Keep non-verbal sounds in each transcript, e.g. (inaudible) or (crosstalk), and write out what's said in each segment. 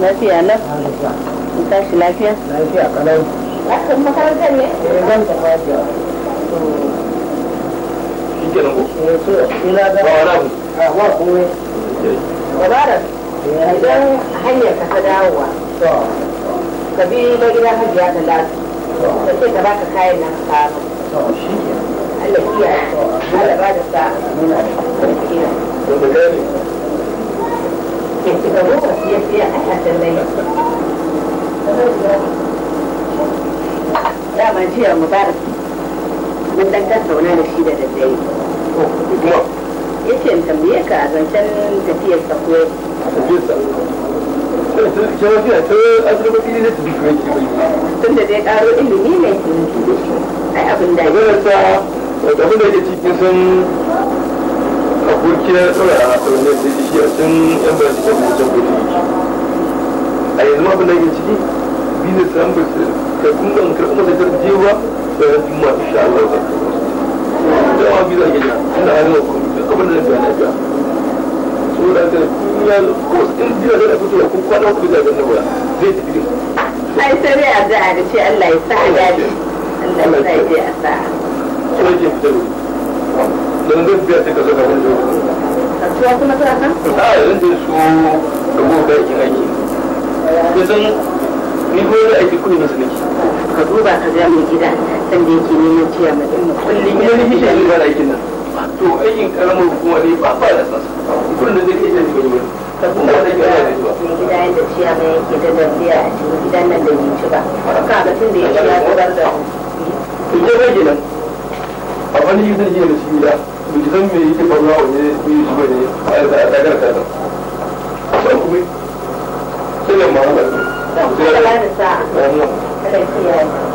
lafiya nan in tashi lafiya lafiya kalau akan makarantar ne eh, zan ta shi ke nan ko kuma eh, ah, eh, idan hanyar ka ta dawowa ka bi na gidan hajiya ta ce ta baka kayan nan ka Allah kiyaye Allah ba da sa'a. ke shiga roba siya siya a kasar lai dama jiya mubarak mun dan tattauna da shi da daddare ya ce in tambaye ka a zancen tafiyar sa kuwa tun da dai karo ilimi ne ai abin da ya ce abin da ya ce sun abokiyar kawai a sauran da shi a can yan bayan cikin wancan kudi a yanzu abin da yake ciki business ran ba su ka kunga in karɓi masa karje ba da ran juma insha Allah ba da ma biza gida ina hannun wa kuma abin da na biya na biya so da ta kunya ko in biya da na fito ko kwana ku biza ganin ba zai tafi din ai sai dai addu'a da ce Allah ya sa ya Allah ya sa ya ji a sa'a so don zai biya sai ka zo a kuma tana kan? a yanzu su da gobe aikin aiki kusan ni ko da aiki kudi masu nake ka duba ka ga mai gida san da yake neman ciya mai kullum ya rufe shi aikin nan to aikin karamar hukuma ne ba ba da san kullum da zai iya shi ba ka kuma da ciya mai yake da lafiya a cikin gidan nan da yi ci ba ka ga tun da ya ya zubar da ku je rage a wani yi yi da shi gida bai san me yake faruwa waje bai shi bane a dagar kasa san kuma sai da ma'amala sai da ma'amala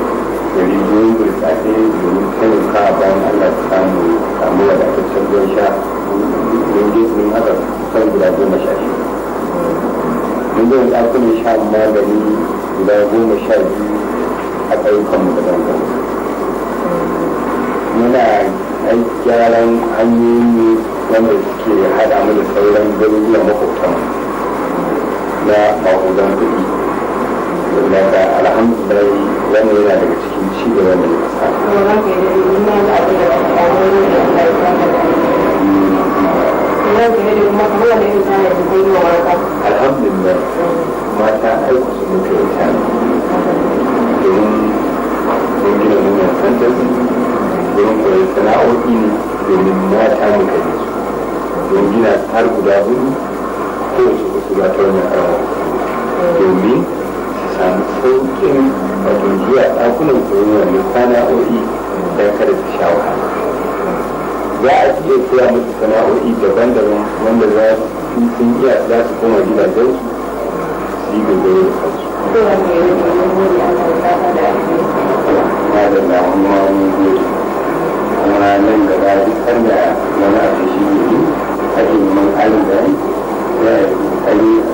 da rijiyoyi burtsatse domin ka bayan allah su samu samu wadataccen ruwan sha don gefen haka kusan guda goma sha shi mun zai ɗakunan sha magani guda goma sha biyu a ƙauyukanmu daban-daban muna gyaran hanyoyi wanda suke haɗa mu da sauran garuruwa makwabtan na maƙudan kuɗi daga alhamdulillah wannan yana daga cikin ci da wannan alhamdulillah mata aiki su muka yi ta domin don nuna santasi domin koyi sana'o'i ne domin mata muka yi su don gina har guda hudu kowace kusurwa ta wannan karawa domin samu sauƙin wato zuwa ɗakunan soyayya mai sana'o'i don kada su sha za a iya koya musu sana'o'i daban-daban wanda za su sun iya za su koma gidajen su yi gogoro da kansu. Na da damuwa wani gobe, kuma nan gaba duk sanda wani abu shi ne ake neman ƙarin da ya yi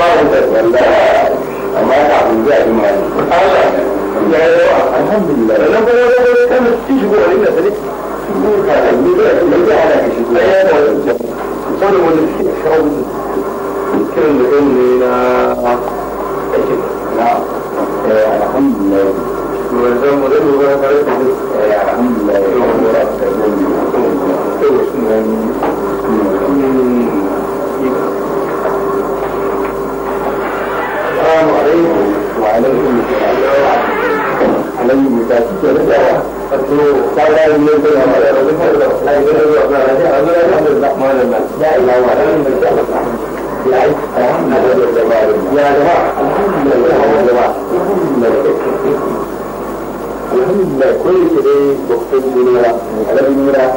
bayan da wanda amma ya kafin zuwa imani Allah ya yi yawa alhamdulillah da nan kuma zai zai kan ci shigo a inda sani ne ka da ni da ni da ana ki shigo ya yi da wancan saboda wani shi shawo kiran da kan ne na ake na alhamdulillah wanzan mu zai lura da rasa ne alhamdulillah ya yi wani da ta zai yi wani da ta zai yi wani da ta zai yi عليكم وعليكم عليهم النساء يا جماعة الحمد لله يا جماعة الحمد لله كويس ليه بختم منيرة على منيرة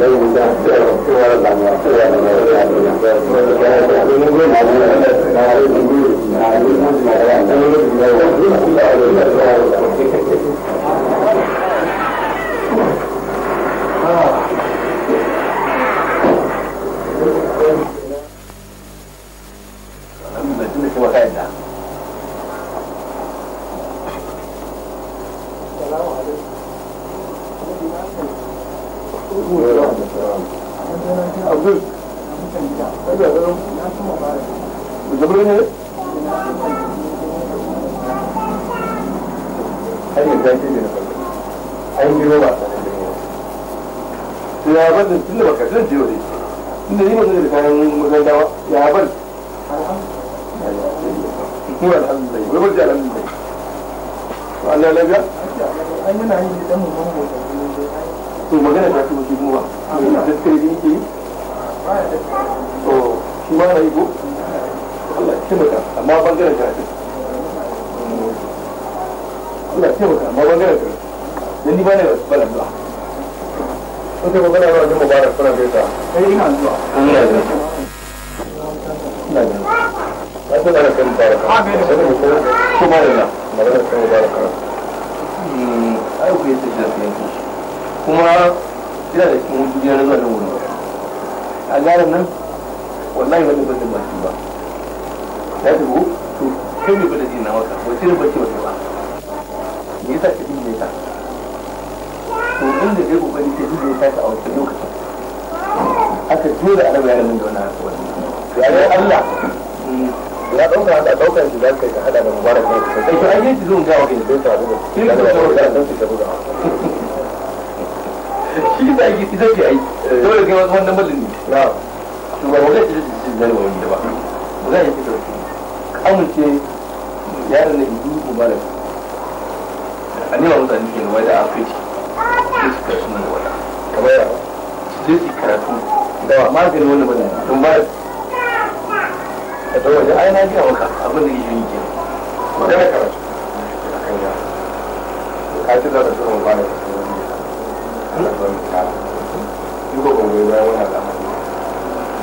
လည်းဒီကပြောပြောရတာမျိုးပြောရတယ်ပြောရတယ်ဒီလိုမျိုးမျိုးဒါလည်းဒီလိုဒါလည်းဒီလိုဒါလည်းဒီလိုဒါလည်းဒီလိုဒါလည်းဒီလို a ku yi tafiya su yanke shi kuma yana da cikin wuce jiya na zuwa nan wurin a garin nan wallahi wani ba baki ba ya dubu to kai ne ba da maka wace ne baki wata ba me yasa ka dinga ta to din da kai kokari ta dinga ta a wancan lokacin aka jura a raba yaran da wannan wannan yaran Allah ya dauka haka daukar shi za ka hada da mubarak ne sai ai yanzu zan ga wani sai ta rubuta shi ne zan ga wani ta shi da yake shi zai ai dole ga wannan malin ne na to ba wanda shi shi zai wani da ba ba zai yi ta amince yaron ne yi mubarak a nema mutane ke wani a afirci sai su kasu nan wata kamar yawa su su karatu da maganin wannan malin don ba ka zo waje ai na gaya maka abin da yake yi magana karatu a kan ka ci da rasu mu bada yi ko ban goyi wani al'amari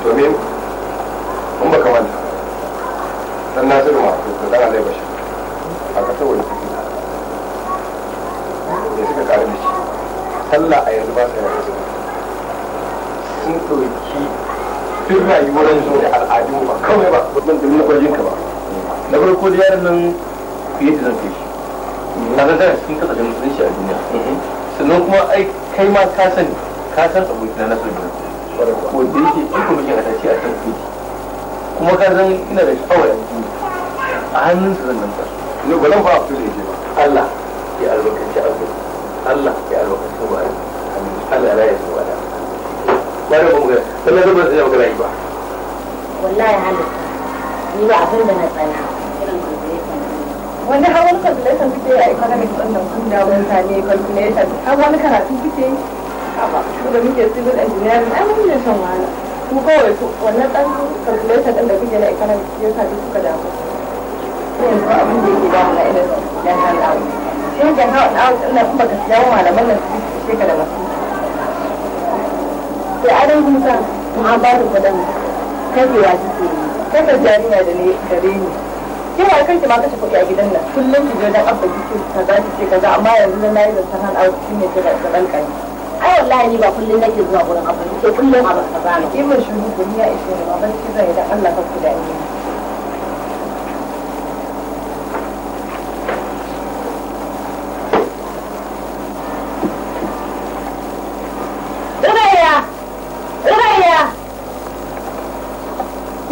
domin in baka manta dan nasiru ma da dan alai bashir a kasar wani suke da suka kare da shi sallah a yanzu ba su yanzu sun ɗauki duk rayuwar su da al'adu ba kawai ba mutum da nuna kwajinka ba na farko da yaran nan fiye da zan kai shi na ga zai cikin kasashen musulunci a duniya mhm. sannan kuma ai kai ma ka sani ka san abokina na sulhu ko da yake shi kuma yake hada shi a kan fiti kuma ka zan ina da shawar a jini a hannun hannunsa zan nanta ne ba zan ba a fito da yake ba Allah ya albarkaci abu Allah ya albarkaci ba Allah ya rayu ba da kuma kuma da ba zai magana ba wallahi halitta ni ba abin da na wani hawan calculation a economic wannan wani sami calculation har wani karatu haba su da muke civil engineering ai mun shan wahala ku kawai wannan calculation ɗin da kuke na economic kuka damu da yake damu na da da nan malaman nan su shekara sai adon musa an ba da kudin kajewa suke yi kasar jariya da ne gare ni kina kan ki ma kashe kuɗi a gidan nan kullum ki je dan abba kike kaza kike kaza amma yanzu na yi da sanan a cikin ne kira da dan kai ai wallahi ni ba kullum nake zuwa gurin abba kike kullum abba kaza ne kin mun shuru ya ishe ne ba ban ki zai da Allah ka kudai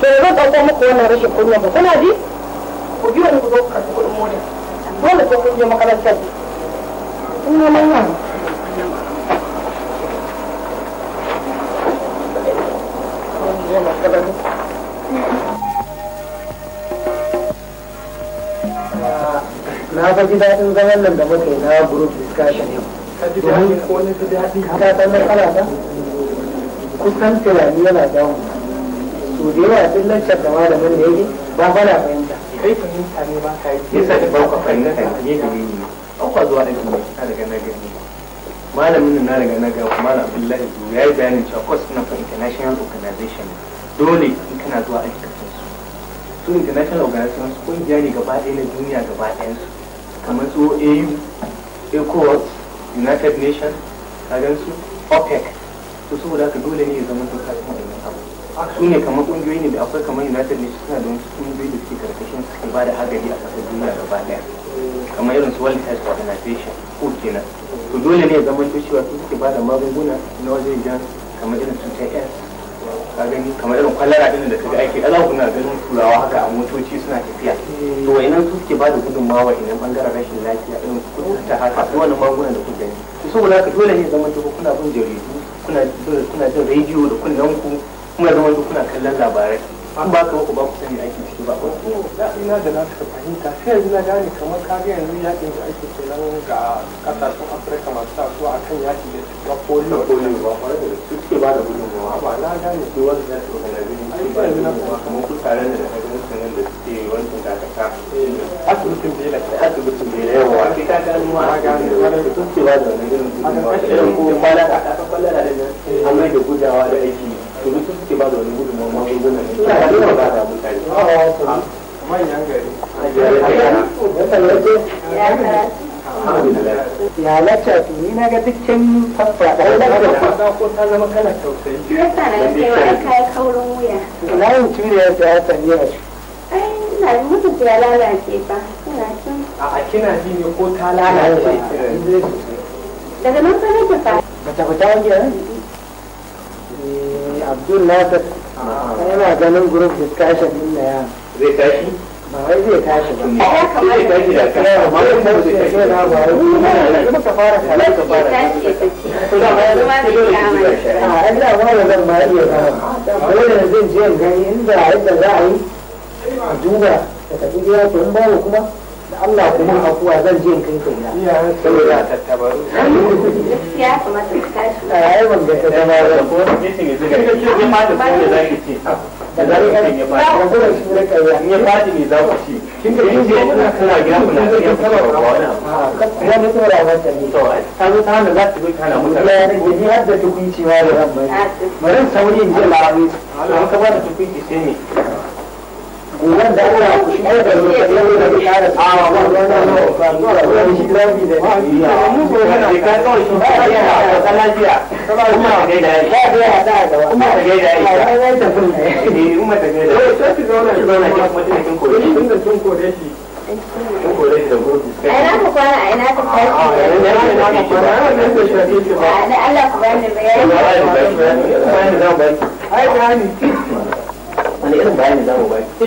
bai zan ɗauko muku wannan rashin kunyan ba kuna ji ku ji wani ku zo karɓi kuɗin mota dole ko kun je makarantar kun neman yara na ba ji daɗin zaman nan da muke na group discussion yau. Ka ko ne ta daɗi? Ka ta matsala ta? Kusan tunani yana damu. to da yawa sun lantar da malamin da yake ba ba na fahimta kai fahimta ne ba ka yi yasa da ba ka fahimta ne da ne an zuwa aikin mai ta daga na gani malamin na daga na ga malam abdullahi zu ya yi bayanin cewa course na for international organization dole in kana zuwa aikin su su international organization su kungiya ne gaba ɗaya na duniya gaba ɗayan su kamar su au ecowas united nations kagan su opec to saboda haka dole ne ya zama doka su ne kamar kungiyoyi ne da akwai kamar united nations suna da wasu kungiyoyi da suke karkashin suke ba da agaji a kasar duniya gaba daya kamar irin su world health organization ko kenan to dole ne ya zama to cewa su suke ba da magunguna na wajen jan kamar irin su ta s ka gani kamar irin kwalara din da kaga ake ala kuna ganin turawa haka a motoci suna tafiya to wayannan su suke ba da gudunmawa idan bangaren rashin lafiya irin su ta haka ko wani magunguna da kuka gani to saboda haka dole ne ya zama to kuna bin jaridu kuna kuna jin rediyo da kullanku muna zama da kuna kallon labarai an ba ka ba ku sani aiki ciki ba da ina da na ta. fahimta sai yanzu na gane kamar ka ga yanzu yakin da ake kenan ga kasashen afirka masu a kan yaki da cutar polio polio ba kwarai da suke ba da ba na gane su wanda za da organizin ai ba yanzu na kuma kamar kutaren da wani sanin da suke wancan kakaka eh, asibitin bela asibitin bela yawa sai ka gano ma a gane su suke ba da wani kuma ko a kwallada da da gudawa da aiki to duk suke ba da wani gudunmawar magungunan ne ta yi ba da mutane ya lacca to ni na ga dukkan fafa da wani da ko ta zama kana tausayi na ce wa kai kaurin wuya na yin turiya da ya sanye a shi ai na mutum ya lalace ba ina cin a kina ji ne ko ta lalace daga nan sai nake fa ta bata wani Eh, abdul nasir yana ah. ganin da discussion din na ya zai tashi ba wai zai tashi ba ya kamata ya tashi da kai amma ya tashi da kai na ah, ba wai kuma ka fara kare ka fara to da zai zama da ke amana a Allah wala zan ma iya ba dole ne zan je in gani inda yadda za a yi a duba da tafi gida ko in babu kuma Allah kuma afuwa zan je kai kai na iya saboda tattabaru ta tashi a yi ban ga tattabaru ko ne shi ga ga ke ma da zaki ce da zaki kan ya fadi ko da shi kai ne ne za ku ci kin ga kin je ina kana gina kuna cikin sabar ya ne ta zo ta hana za ta bi kana mutane ne ya har da tukunci ma da ran mai maran sauri in je larabi an ka ba da sai ne wannan da Allah ku shigo da mu da yau da bishara a wannan wannan ba wannan shi lafi da mu ko kana ka kawai shi ba ya da talajiya kuma da gaida ya da hada da kuma da gaida ya ba ya da ya ne ya da ya to ya ki ya ki ya ki ya kin ya shi ya kin ya shi ya kore ya da gurbi ai na ku kwana ai na ku kwana ai na ku kwana ai na ku kwana ai Allah ku bani bayani ai bayani ai bayani wani irin bayani za mu baki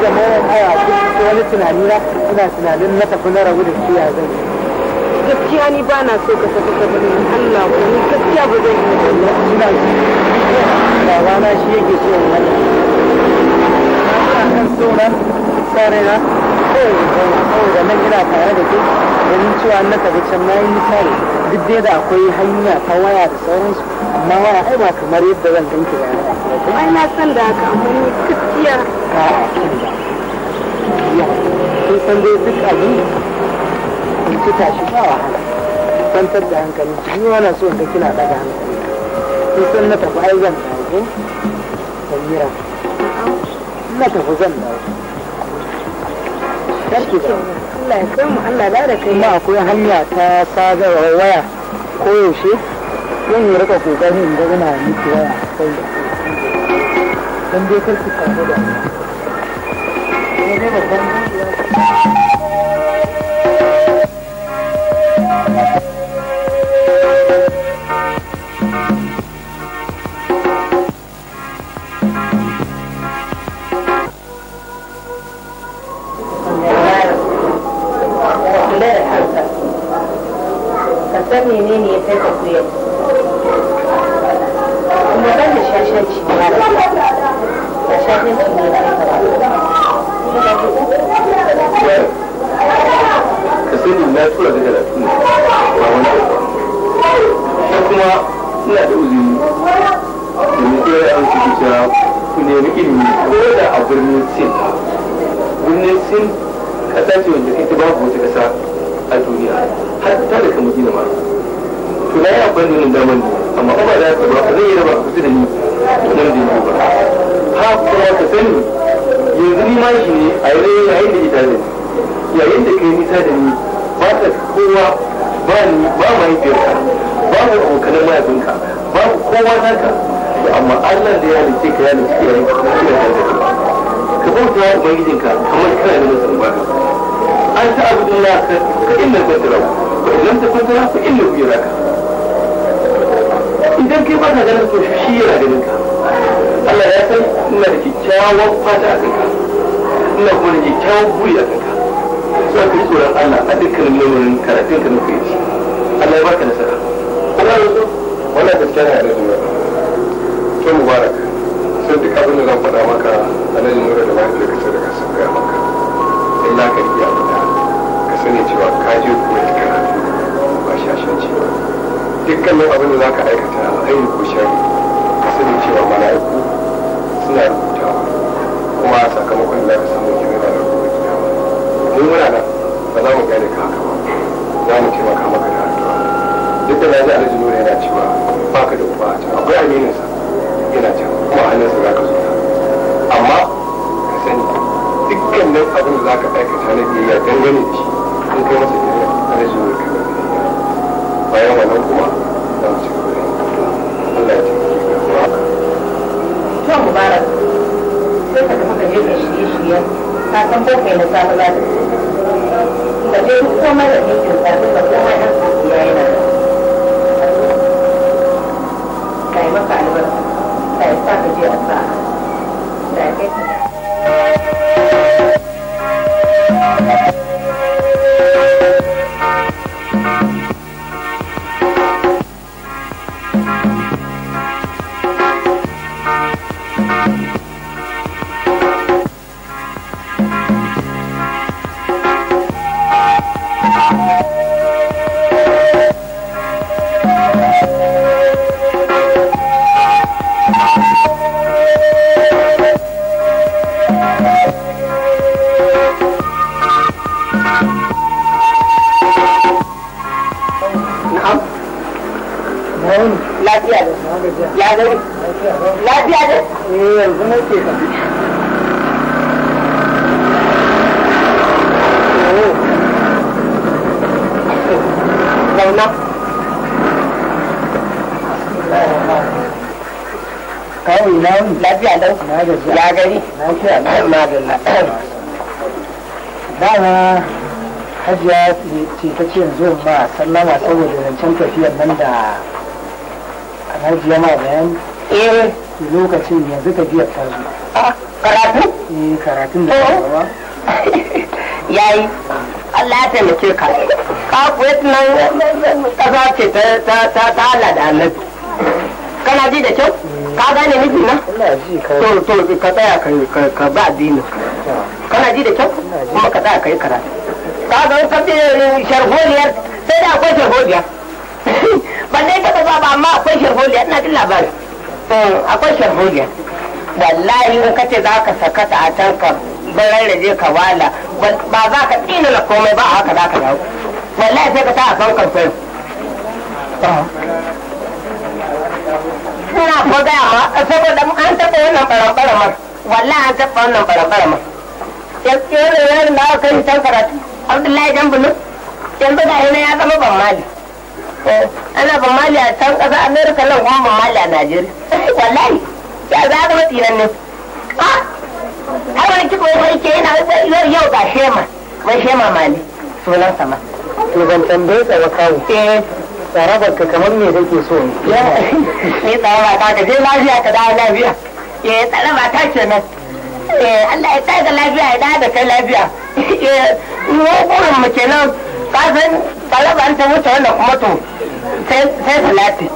da mayan haya duk wani tunani na ina tunanin na tafi na rabu da shi ya zan gaskiya ni ba na so ka tafi ka bari Allah ko ni gaskiya ba zan yi wannan ina baba na shi yake so wannan kan so na sare na kawai zama saboda nan ina tare da ke ganin cewa na tafi can na yi misali duk dai da akwai hanya ta waya da sauransu amma waya ai ba kamar yadda zan ganki ba kuma ina san da haka amma ni gaskiya ka sun san dai duk abin in fita shi ba wahala kwantar da hankali ni wani so ka kina daga hankali sun san na tafi ai zan dawo samira na tafi zan dawo Sarki ba. Allah ya kai mu Allah da kai. Kuma akwai hanya ta sadarwar waya koyaushe zan yi rika kokari in ga ina miki waya kai da dan dai kar ki da ne menene ya kai ka da ciwon da shafin su ne da ka na tura ba wani kuma ina da uzuri domin ku ilimi ko da a birnin sin birnin sin babu wata a duniya har ta da ma to da daman amma ba da ba yi zan zai yi ba ha kuma ka sani yanzu ni ma shi ne a yare yayin da ita ne yayin da kai nisa da ni ba ta kowa ba ni ba mahaifiyarka ba mu abokanan mahaifinka ba kowa naka amma Allah da ya halice ka ya halice yayin da ka bauta wa ubangijinka kamar kana da mutum ba an ta abu da ka inda kwantara ku idan ta kwantara ku inda ku yi raka idan kai ba ta ganin so shi yana ganin ka Allah ya san ina da kyakkyawan fata a kanka ina kuma da kyakkyawan buri a kanka so ka yi tsoron Allah a dukkanin lamarin karatun ka na kai Allah ya baka nasara kuma ya so wannan gaskiya ne a da duniya to mubarak sai duk abin da zan faɗa maka a nan nura da bayan da kace da kasan gaya maka sai na ka riya ka sani cewa ka je kuma ka ba shashin ba dukkanin abin da za ka aikata alkhairi ko shari ka sani cewa mala'iku suna rubutawa kuma sakamakon da ka samu kira da rubuta kiyama mu muna nan ba za mu gane ka haka ba za mu taimaka maka da addu'a duk da naji alhaji nura yana cewa ka da uba a can akwai amininsa yana can kuma hannunsa za ka zo ta amma ka sani dukkanin abin da za ka aikata na biyayya dangane da shi in kai masa biyayya alhaji nura kai masa bayan wannan kuma za mu ci gaba da Allah ya ci gaba da kyau mubarak sai ka tafi ka je ka shirye shirye ka san ko kai na samu za ta ka je duk komai da kake da ka komai an ya yana ka yi maka albarka ka yi sa ka je a sa da kai Thank you. lafiya lau ya gari dama hajiya ce ta ce yanzu ma sallama saboda zancen tafiyar nan da bayan eh lokacin yanzu ta zo karatu eh karatun da eh. (laughs) yayi Allah ya taimake ka ka kuwa nan kasa ce ta kana ji da kyau eh, ka gane miji na to to ka tsaya ka ba addini kana ji da kyau kuma ka tsaya kai karatu ka ga ka ce eh, sharholiyar sai da akwai sharholiya (laughs) ban dai ka ba ba amma akwai sharholiya ina jin labarin eh, akwai sharholiya wallahi in ka ce za ka sakata a can ka barar da je ka wala ba za ka tsina na komai ba a haka za ka dawo wallahi sai ka sa a son kamfani suna fa gaya ma saboda an taɓa wannan ɓaramɓaramar wallahi an taɓa wannan ɓaramɓaramar yanzu yanzu na aka yi can karatu abdullahi dan bulu yanzu ga hina ya zama ban mali eh, ana ban mali a can ƙasa amerika nan kuma ban mali a najeriya (laughs) wallahi ya za zama tsinan ne har wani kiko ya farke yana yau ga shema mai shema mali sunan sama to ban tambaye tsawakawo eh. tsarabar ka kamar me kake so ne tsaraba ta ka je lafiya ka dawo lafiya eh tsaraba ta kenan eh Allah ya tsaya da lafiya ya dawo da kai lafiya eh mu mu kenan ka san ta wuce wannan kuma to sai sai salati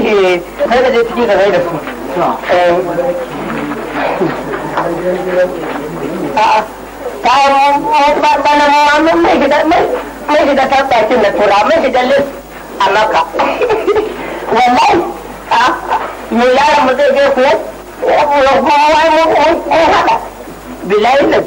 eh sai ka je cikin da su a'a ta ba ba na mai gida mai ta bakin da tura mai gida a maka wallahi a mu yaron mu zai je kuwa ya kuma wai mun haɗa bilayi nan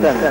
对对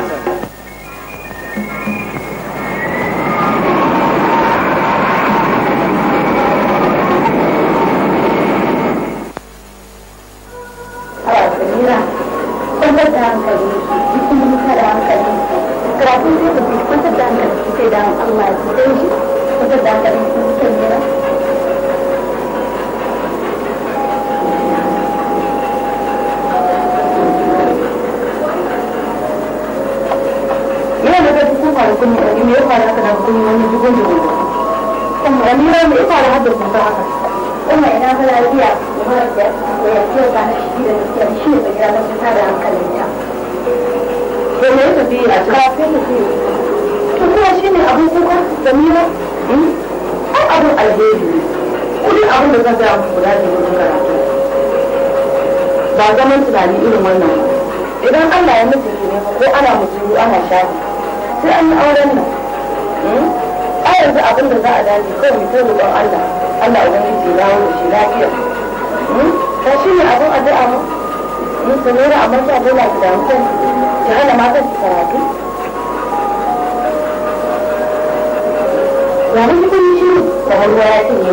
ya mun kun shi da hannu ya ce ne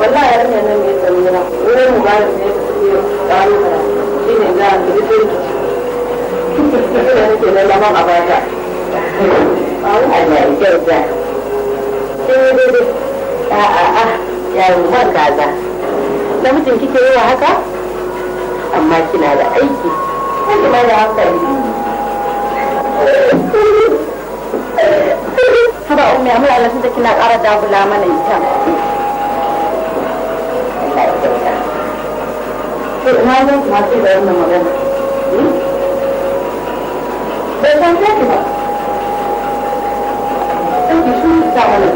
wallahi ya rage nan mai tsamira wurin mu ba da ne ta ce ya mu shi ne ga mu duk ne shi ne nake da zaman a baya a wani ya sai a a a ya yi man kaza namijin kike yi wa haka amma kina da aiki Kuma da hankali haba ummi amma Allah sun kina ƙara dagula mana ita to ina ne kuma sai da wannan magana hmm? bai san sai ba ki shi ta mana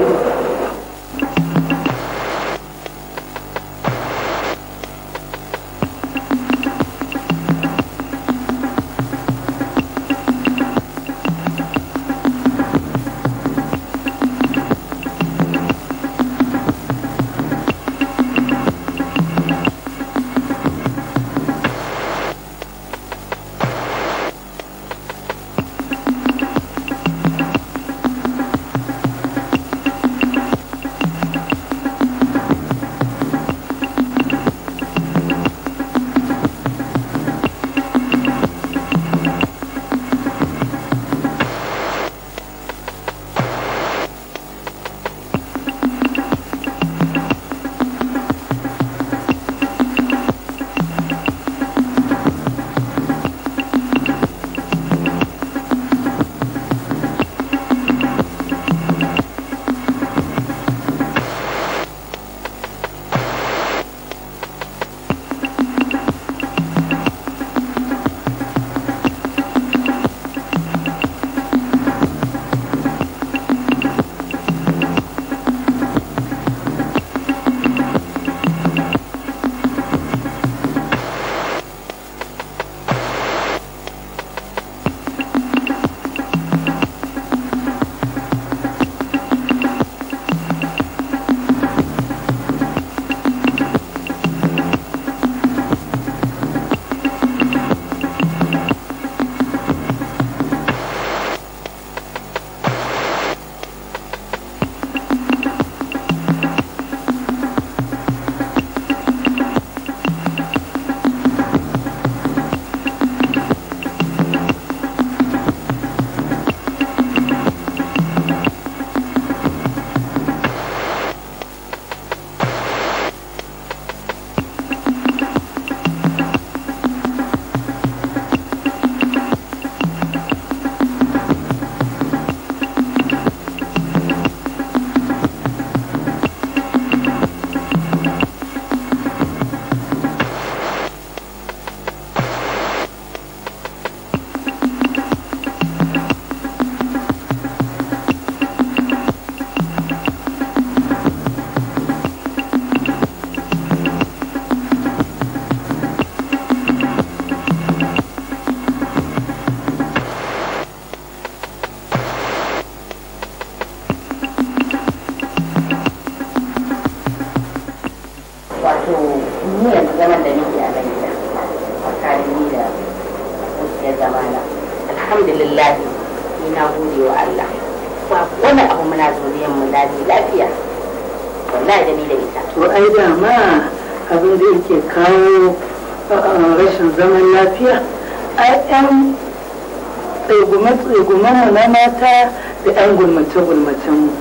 na mata da 'yan gulmace-gulmacen mu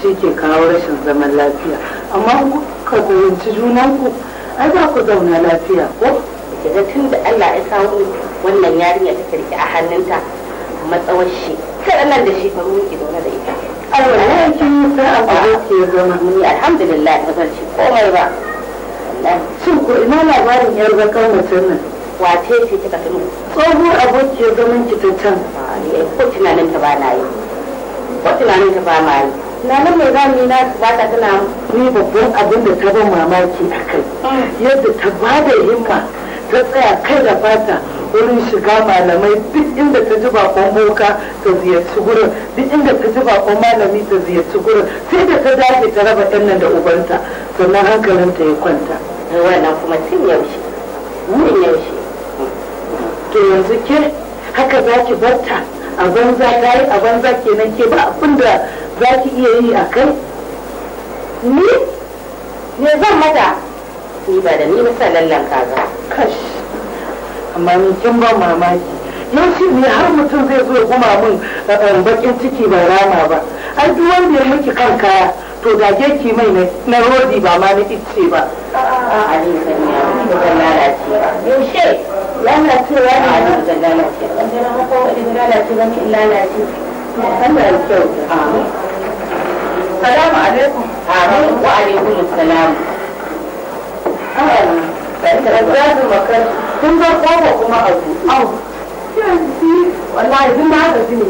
shi ke kawo rashin zaman lafiya amma ka goyinci junanku ai ba ku zauna lafiya ko daga tun da Allah ya kawo wannan yarinya ta kirki a hannunta matsawar shi kaɗan nan da shekaru muke zaune da ita alwala kin yi a ba ke zama ni alhamdulillah ta barci komai ba shin ko ina labarin yar zakar mutum nan wace ce kika tuni tsohuwar abokiyar zaman kitaccen yi ko tunanin ta ba na yi ko tunanin ta ba ma yi tunanin mai zamu na ba ta tana ni babban abin da ta ba mamaki a kai yadda ta ba da himma ta tsaya kai da fata wurin shiga malamai duk inda ta ji bakon boka ta ziyarci gurin duk inda ta ji bakon malami ta ziyarci gurin sai da ta dace ta raba ɗan nan da ubanta sannan hankalin ta ya kwanta wannan kuma tun yaushe tun yaushe to yanzu ke haka za ki barta a banza ta yi a banza kenan ke ba abin da za ki iya yi a kai ni me zan mata ni ba da ni sa lallan kaza kash amma ni kin ban mamaki shi ne har mutum zai zo guma min eh, bakin ciki ba rama ba ai duk wanda ya miki kan kaya to da ki mai na rodi ba ma na ice ba a'a ni sanya ba lalace ba yaushe lalacewa ne da lalace wanda na haka wani da lalace wani in lalace Allah ya kyauta salamu alaikum amin wa alaikum salam Zazu makar kun ga kofa kuma a buɗe. Au, wallahi duk ma haka ne.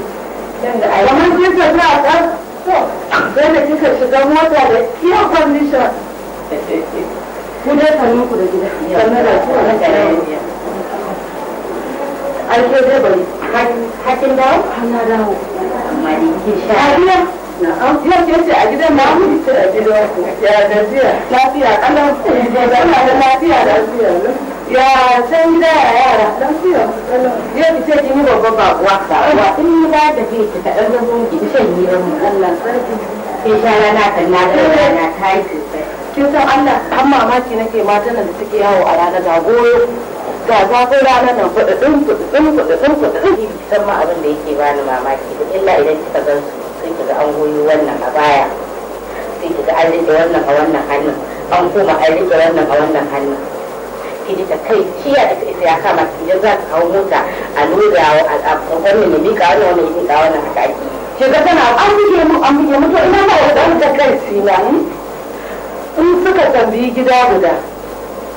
Kamar kisa za a ɗan sai da kika shiga mota da iya kwandishan. Ku dai sannu ku da gida. Sannu da ku da ai ko dai bai hakin dawo dawo amma ni ke ce a gidan na ce a gidan ku ya gajiya lafiya kallon ku da lafiya lafiya ya san gida ya yara lafiya ya ki ce kin babban bakuwa sabuwa in ni ba da ke ta dan rubu ki shan gidan mu Allah sarki ke sha rana na rana ta yi sosai kin san Allah an mamaki nake matan da suke yawo a rana ga goyo ga zafo ranar nan kuɗaɗin kuɗaɗin kuɗaɗin kuɗaɗin san ma abin da yake bani mamaki ba illa idan kika gan su sai kiga an goyi wannan a baya sai kiga an rike wannan a wannan hannun an koma an rike wannan a wannan hannun ki ta kai kiya da kai ya kama idan za ka hau mota a loda a kwakwani ne mika wannan wannan ya mika wannan haka ake ke ga tana an buge mu an buge mu to ina ba wa ɗan ta kai sina hmm? in suka tambayi gida guda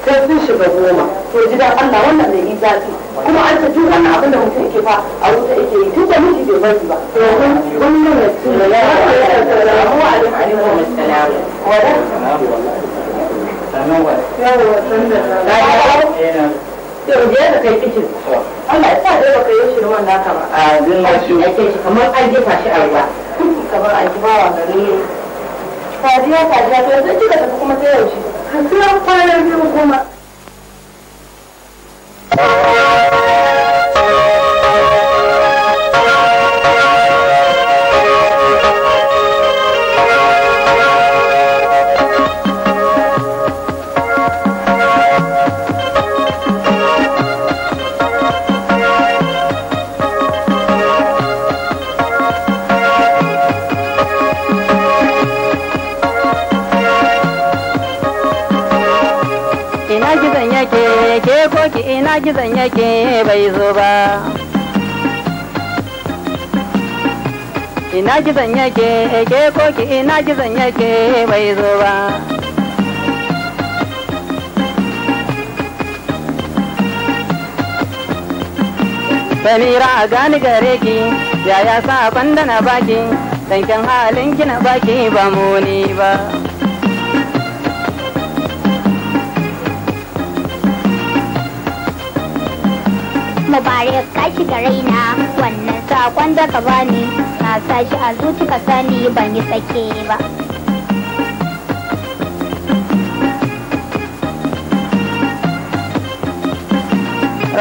sai sun shiga goma to ji dan Allah wannan mai yi zafi kuma an tafi. duk wannan abin da mutum yake fa a wuta yake yi tun da miji bai bari ba to kun kun ne ne tun da ya wa alaikum assalam wa da Yau je ka kai kicin. Allah ya sa dai baka yi shirin wannan ka ba. A zin ma shi ake shi kamar an jefa shi a ruwa. Kamar an ji bawa gari. Sadiya sadiya to yanzu kika tafi kuma sai yaushe. 桜を越える横浜。ina gizon yake bai zo ba ina gizon yake ke koki ina gizon yake bai zo ba Samira a gani gare ki yaya sa bandana baki danken halin ki na baki ba muni ba mubarak ka shiga raina wannan sakon da ka bani na sashi a zuci sani ban yi sake ba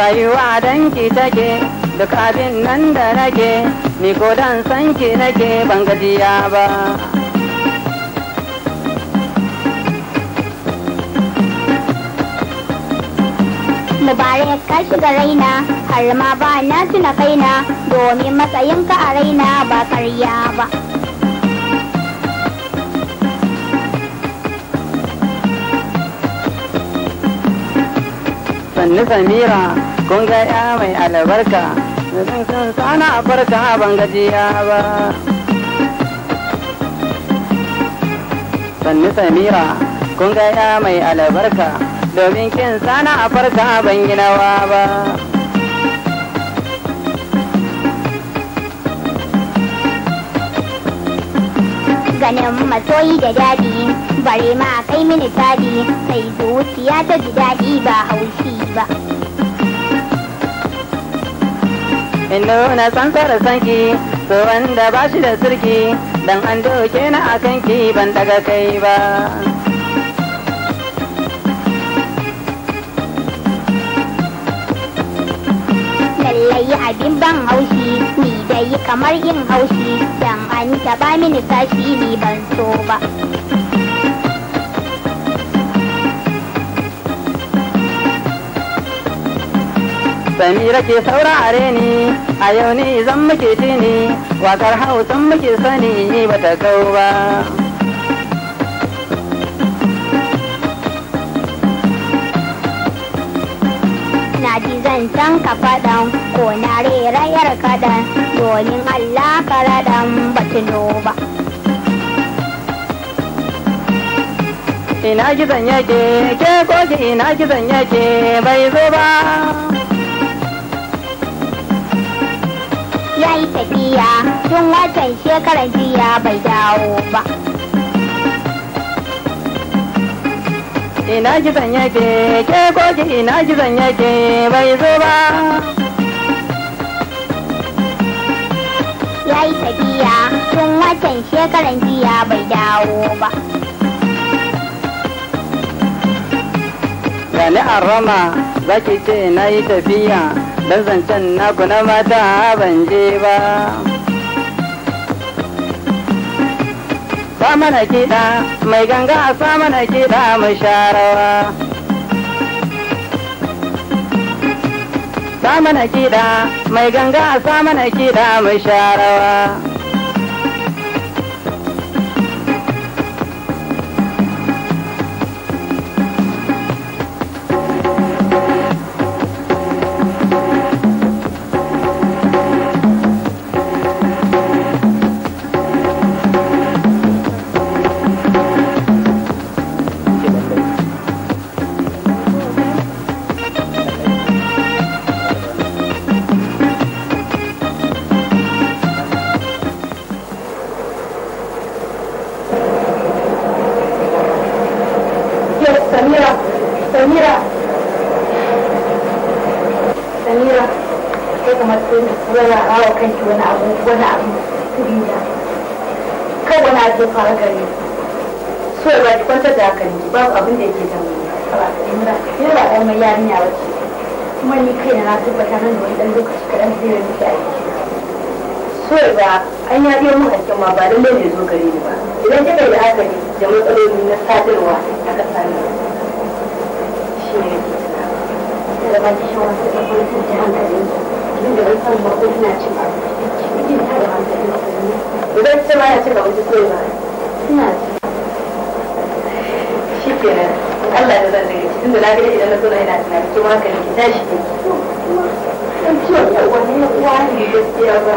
rayuwa danki take duk abin nan da rage ni ko dan san ki rage ban gajiya ba mubarak ka shiga raina har ma ba na tuna kaina domin matsayinka a raina ba karya ba sannu samira kun ga ya mai albarka sana farka ban gajiya ba sannu samira kun ga ya mai albarka domin kin sana a farka ban ginawa ba hakanan masoyi da daɗi bare ma kai mini tadi sai zuciya ta ji daɗi ba haushi ba Indo na san tsara sanki to wanda ba shi da sirki dan an doke na akan ki ban daga kai ba lallai abin ban haushi da yi kamar yin haushi dan an ta mini sashi ni ban so ba samira ke a reni a yau ni zan muke tini wakar hausan muke sani ba ta kau ba ban ka faɗan ko na rerayar kaɗan domin Allah faraɗan ba tuno ba. Ina gizon yake, ke koki ina gizon yake bai zo ba. Ya yi tafiya tun watan shekarar jiya bai dawo ba. ina gizon yake ke goge ina gizon yake bai zo ba ya yi tafiya tun watan shekaran jiya bai dawo ba gani a rama zaki ce na yi tafiya don zancen naku na mata ban je ba sa mana kiɗa mai ganga a sa kiɗa mai sharawa sa mana mai ganga a sa kiɗa mai sharawa kuma ba da ne zo gare ni ba idan kika yi la'akari da matsaloli na sadarwa a ƙasa ne shi ne da ba ki shawar da kafin sun ji hankali wani ba ko cin cikin ta da hankali idan ce ma ya ci ba ba ci shi Allah da zan daga cikin da na gani idan na zo na ina tunani to hankali ki tashi ne. Ciwon ya uwa ne ya uwa ne gaskiya ba.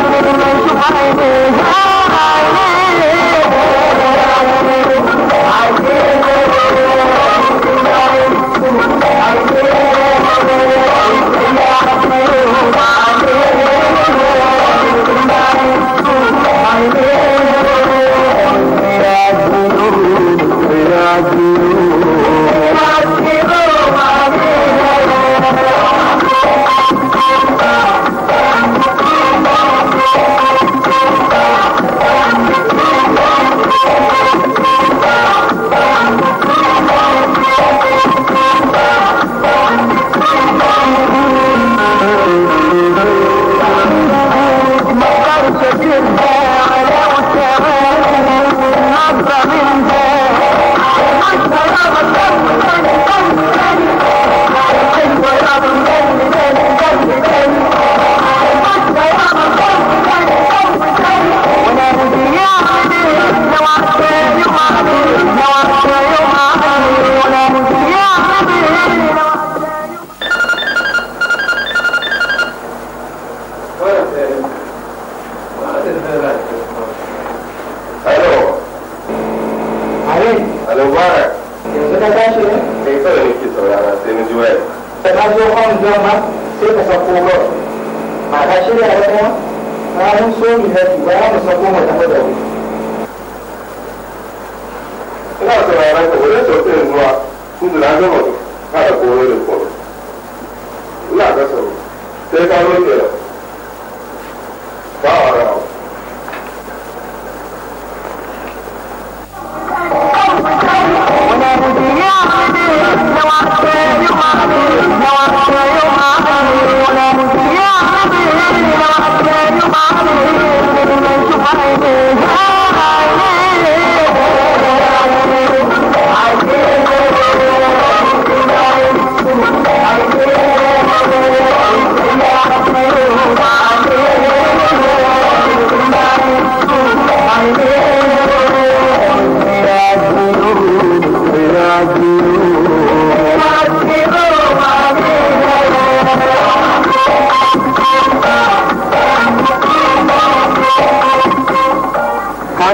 yamma sai ka sako kawai ba ka shirya ba kuma ranar so mu haifi ba mu sako mu tafi da wuri. ina sauraron ka wajen sauke zuwa tun da na gama kada koro da koro ina ka sauro sai ka roƙe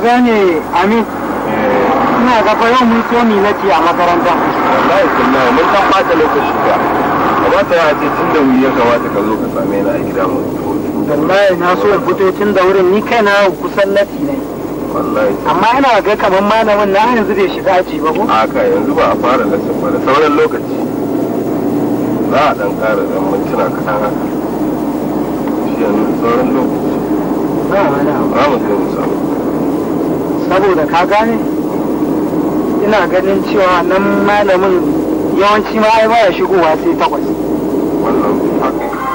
ka amin ina ga fa yau mun so a makaranta wallahi kullahi mun ya ce tun da ya kamata ka same ni a gida mu na so ya fito tun da wurin ni kai na kusan lati ne amma ina ga kaman malamin na yanzu bai shiga aji ba ko haka yanzu ba a fara lasin ba da sauran lokaci za a dan kara dan mintuna kaɗan haka shi yanzu sauran lokaci za a ba mu sai mu samu saboda ka gane ina ganin cewa nan malamin yawanci ma ai baya shigowa sai takwas wannan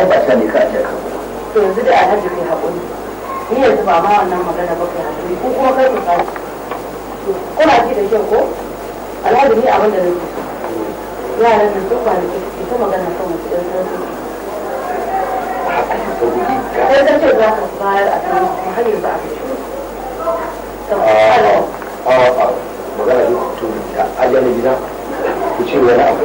ai ba ta ne ka ajiye ka to yanzu dai alhaji kai haƙuri ni yanzu ba ma wannan magana ba kai haƙuri ko kuma kai ku kuna ji da kyau ko alhaji ni abin da nake so yaran nan duk kwanaki suke ta magana kan wasu ɗan sarki kai ka ce za ka bayar a kan har yanzu a kai shi ah, ah, ah, magana da ajiyar gida ku ce wani abu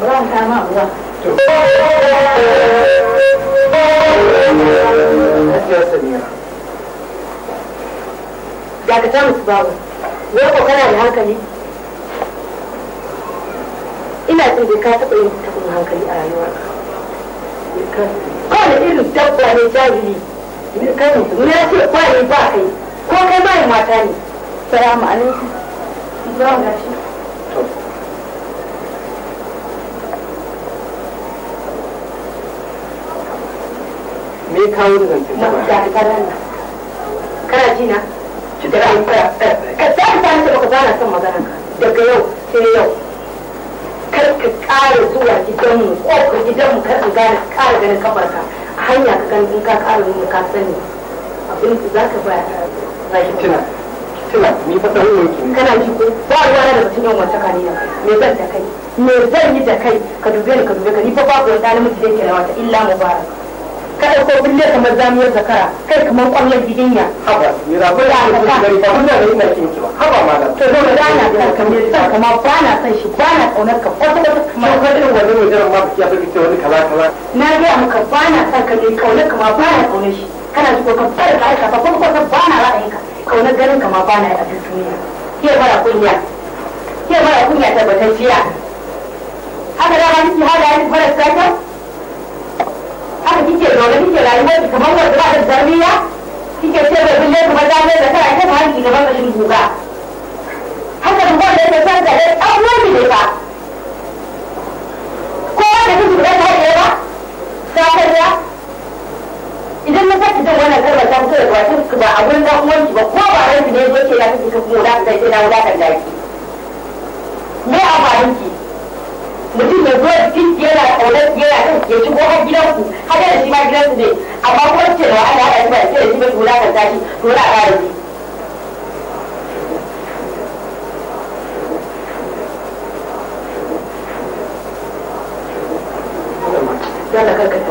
ruwan kama ruwa da ka ta musu babu wai ko kana da hankali ina jin bai ka taɓa yin taɓin hankali a rayuwarka kowane irin dabba ne jahili ne ya ce kwaye ba kai ko kai bayan mata ne salamu alaikum za mu gashi me ya kawo da zancen ta ba kana ji na ki tsaya ka tsaya ka tsaya ka bana son magana ka daga yau sai yau kar ka ƙara zuwa mu ko ka mu kar ka gane ƙara ganin kafarka a hanya ka gani in ka ƙara nuna ka sani abin da za ka baya tuna tuna ni fa ɗan uwan kana ji ko ba ruwa da mutum yan wata kani na me zan da kai me zan yi da kai ka dube ni ka dube ka ni fa babu wani ɗan namiji da yake rawata illa mubarak ka ɗauko bulle kamar zamiyar zakara kai kamar ƙwallon gidinya haba ni rabu da an ka gari ba wannan da ina kin ki ba haba malam to dole da ana san ka san ka ma ba na san shi ba na kaunar ka kwata kwata kuma ka irin wani mai jiran ma kike ba kike wani kaza kaza na ga maka bana na san ka dai kaunar ka ma ba na kaunar shi kana ji ko ka fara ka aika ba kuma kwata ba na ra'ayin ka kaunar ganin ka ma ba na a duk duniya ke mara kunya ke mara kunya tabbatacciya haka da ba kike hada mara tsaka kike zaune kike rayuwa ki kamar wanda ba da zarriya kike ce da bille kuma da ne da kai ta hanki gaban da shin guga haka duk wanda yake san da dai abuwan ne ba ko wanda kike da ta yi ba ta kariya idan na saki jin wannan karba ta fito da wasu ku ba abun da kuma ki ba ko ba ran ne yake ya kike kuma da kai sai na wadatar da ki me amfanin ki mutum ya zo cikin yana ƙaunar yana kan ya shigo har gidanku har yana shi ma gidanku ne amma ce da ake haɗa da shi ba a ƙara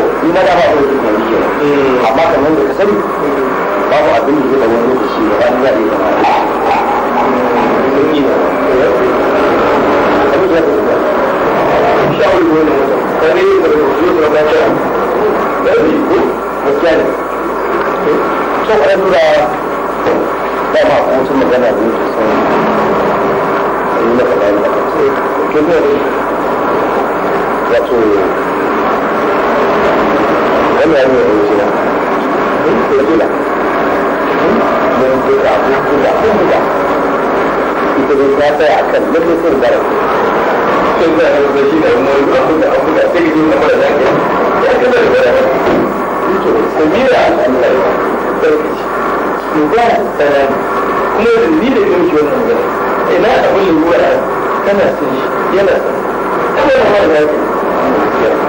kyau ni na dama abin da kuma yi eh. amma kamar da ka sani babu abin da zai wani lokaci da ranar yi da Thank you. wani ya yi da wuce na mun ko da ko ko da ko ita ne ta tsaya a kan lalle sun gara sun gara da shi da wani ko da ko da sai gidan da mara zaki ya ga da gara to ko ni da Allah sai ki ga tsara kuma ni da kin shi wannan gara ina abin da ruwa kana sun shi yana kana mara zaki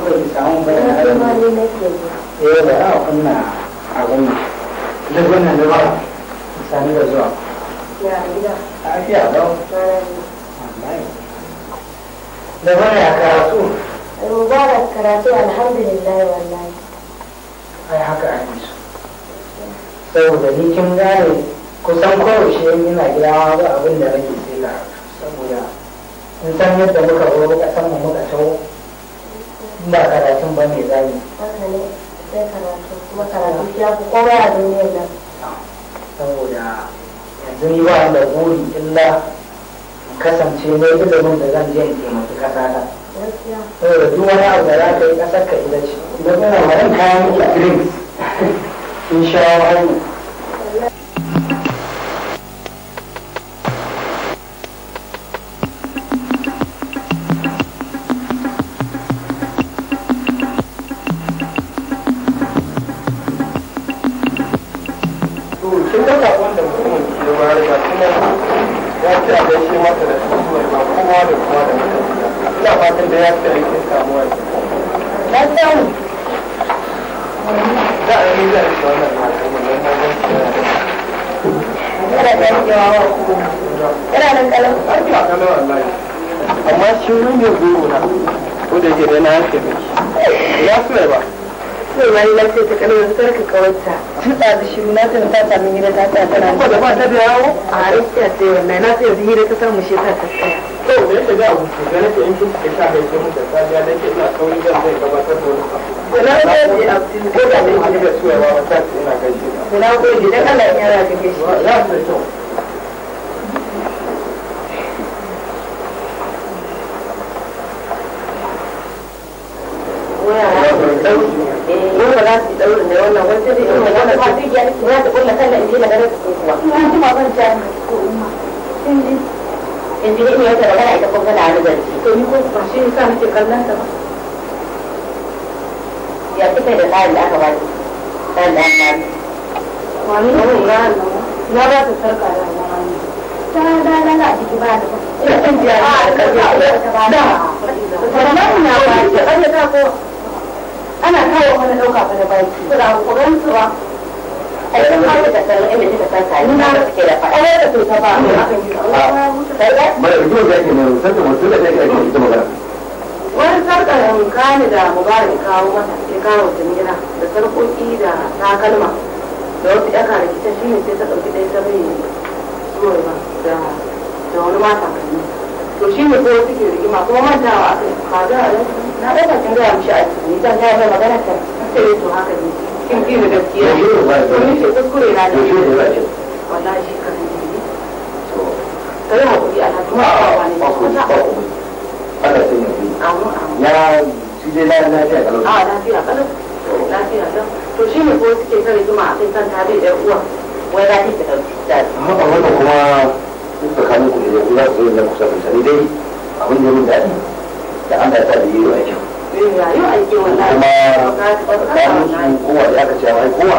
kawai ki samu bayan hari eh da yawa kunna a gani da gwanan da ba ki da zuwa ya gida lafiya lau wallahi da wani ya karatu mubarak karatu alhamdulillah wallahi ai haka saboda ni kin gane kusan kowace yana gida ba abin da nake sai saboda in san yadda muka zo muka san muka ba karatun ba mai zami haka karatu kuma ya fi kowa a duniyar nan saboda yanzu yi wa da guri illa kasance ne ilimin da zan je in taimaki kasata saboda duk wani abu da za ka yi kasar ka ita ce idan kana maran kayan drinks (laughs) in sha wani na yanke miki ya su ba sai ma yi lafiya ta kalmar zutar ka kawarta tun ɗazu shiru na tana ta sami hira ta ta tana ba da ba ta da yawo a gaskiya sai wannan na sai yanzu hira ta samu shi ta tsaya to da yadda za a wuce ga nake in kin ta bai ke mutum ta ga ke ina sauri zan zai gabatar da wani abu na ko da ne ke da suwa ba ta ina gaishe na gode dan Allah ya raka ke shi su da wani da irin wannan ma duk ya ya ta kulla kalla in da ganin su kuwa in kuma ban ta in ji ina da magana ita kuma tana wani da to ni ko ba shi yasa nake kallon ta ba ya kika da tsarin da aka ba da tsarin da aka ba wani ne na na ba ta sarka da wani ta da da da ba da ina kan da ta da ta ana kawo wani ɗauka fa da baki ba za ku gan su ba ai kun ma da san inda kika san ka ni na ba kike da fa ai da to ta ba akan ji Allah sai da mara ido da yake nan sai da mutum da yake da ita magana wani sarkar kani da mubarak kawo mata ya kawo jamila da sarkoki da takalma da wasu yaka da kita shine sai ta ɗauki ɗaya ta bai suwar ba da da wani mata kan yi, to shi ne ko suke rigima kuma mantawa aka yi kaza a yanzu na rasa sun gaya mishi a cikin zan gaya mai magana ta sai ya eh, to haka ne kin fi da gaskiya domin shi kuskure na da shi wallahi shi kan ne to kai hakuri a hatu ma a wani kuma Allah sai ya fi ya shi dai lafiya kalau a lafiya kalau lafiya kalau to shi ne ko suke ta rigima a kan kan da uwa wai za ta dauki da wannan kuma tsakanin ku da ku za ku zo na kusa dai abin da mun dadi da an da ta da yi aikin kuma kamun kowa da aka ce mai kowa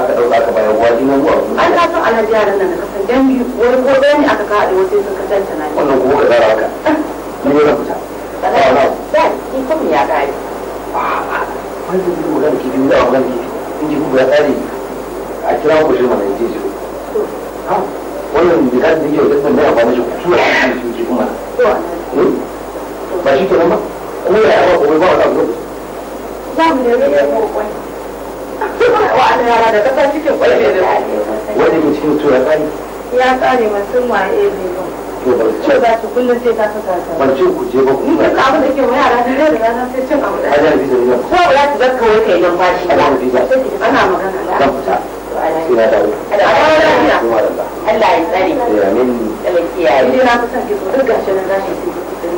aka ɗauka aka bayar ruwa jinin ruwa an ka so alhaji yaran nan da kasan dan biyu wani ko ɗaya ne aka kawo wasu sun ka tanta na wannan kuma ka zara haka ah. ni ne na fita da ni kuma ya kare wani zai yi magana kifi da magana kifi in ji kuma ya kare a kira ku shi mana ya ce wannan misali da yake wajen da ba mashi kusura a cikin mana ba shi nan ba ko ya yawa ko ba wani abu za mu nemi ne ko kwai wa'anda yara da kasa cikin kwai ne da wanda ke cikin tura tsari ya tsare masu waye ne ba ce za su kullum sai ta saka ta ban ce ku je ba ku ba ka abin da ke wa yara ne da rana sai cin abu da ajiyar bizo ne ko ba za su zakka wai kai nan bashi ba ana magana da zan fita sai na dawo Allah ya tsare. Amin. Allah ya kiyaye. Ni na kusa ki zo duk gashi nan gashi sai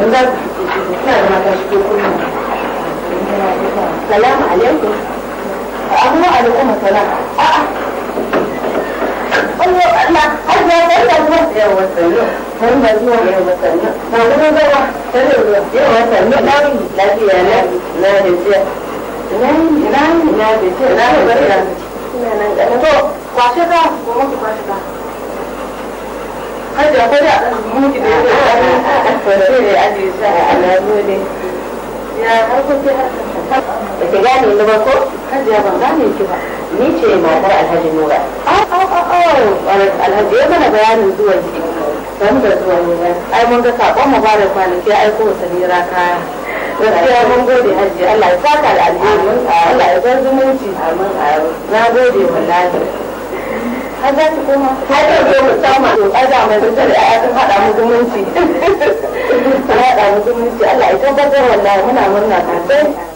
yanzu za su salamu ko Hajji akwai da muki da ne sa a Ya gane ni ba ko? ban gane ki ba. Ni ce matar Alhaji Nura. Alhaji ya mana bayanin ki. da zuwan ne. Ai mun ga sakon mu ba da kwanaki ai ko kaya. gaskiya mun gode hajji Allah ya saka da alheri Allah ya bar zumunci amin na gode wallahi Har za su koma? Har za su koma sama. To aza mai zuta da ƴaƴa sun faɗa mu zumunci. (laughs) Sun haɗa mu zumunci. Allah ya tabbatar wallahi muna murna sosai.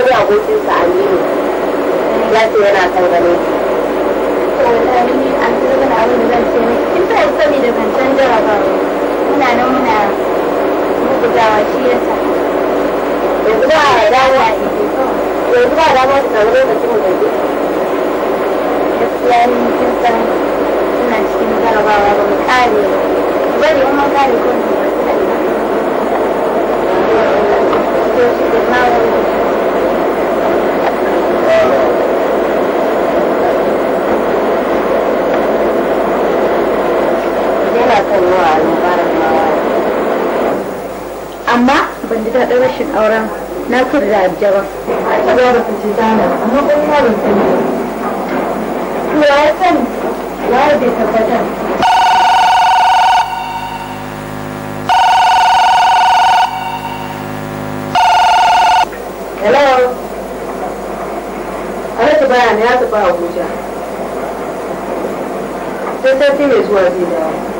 kuma da abokinsa Aminu ya ce yana son gane ki. Kin sa sani da ban can jarabawa. Muna nan muna bugawa shi Yanzu ba a dawo yanzu ba a dawo su samu lokacin da ke. Gaskiya ni kin san cikin jarabawa ba mu kare. Bari kuma kare ko ne ba su da ina. Thank you. amma ban ji daɗin rashin auren na kuri da ajiyar a da ku ci zana amma ban sani ya san ya tabbatar Hello? Bayan ya tafi Abuja. Sai mai zuwa zai dawo.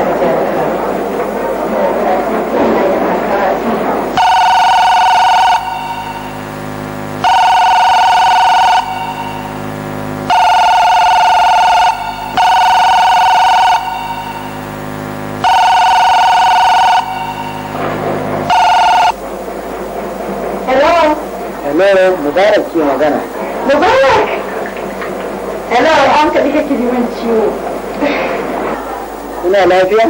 magana Da mubarak hello an ka dika kiri min ciwo kuna lafiya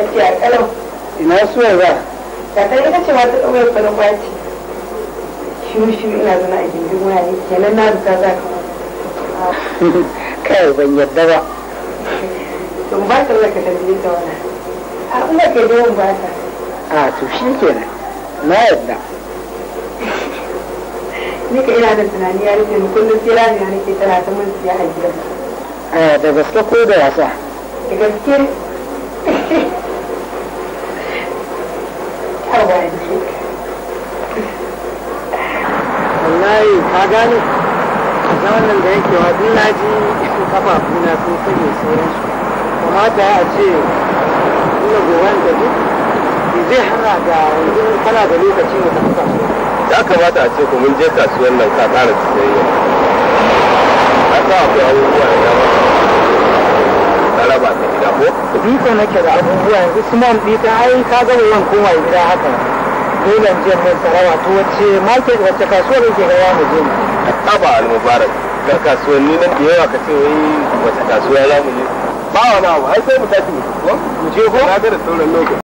ake a kalau ina suwa za ta ita ce wata ɗaukar kwalbaci shiru shiru ina zana a gindin wani, kenan na zuka za ka (laughs) kai ban yadda ba Tun ba ta ka tambaye ta wani a ina ke da ba ta a to shi kenan na yadda ni ka ina da tunani ya rufe kullum sai rami ya nake tana ta mun ya hajiya a da gaske ko da wasa da gaske wallahi ka gane ga wannan da yake wa din naji kafafuna sun sanya sauransu kamata a ce ina gowar da duk zai hana da kana da lokaci mu tafi ya kamata a ce ku mun je kasuwar nan ka ƙara sayayya a sa akwai abubuwa da dama ta gida ko? nake da abubuwa yanzu Suman bita ai ka gama yawan koma gida haka. Dole in je mai sarawa to wacce market wacce kasuwar yake gawa mu je. Aba al-mubarak ga kasuwanni nan da yawa ka ce wai wace kasuwa za mu je. Ba wa abu ai sai mu tashi mu ko? Mu je ko? Na da sauran lokaci.